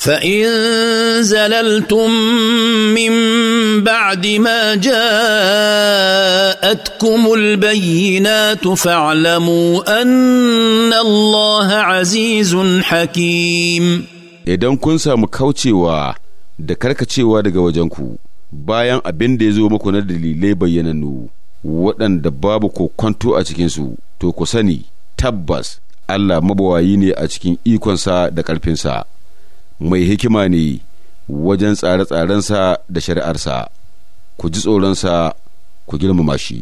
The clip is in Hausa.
فان زللتم من بعد ما جاءتكم البينات فاعلموا ان الله عزيز حكيم idan kun samu kaucewa da karkacewa daga wajenku bayan abin da ya zo muku na dalilai bayyananu waɗanda babu ko kwanto a cikinsu to ku sani tabbas Allah mabawayi ne a cikin ikonsa da ƙarfinsa. mai hikima ne wajen tsare-tsarensa da shari'arsa, ku ji tsoronsa ku girmama shi.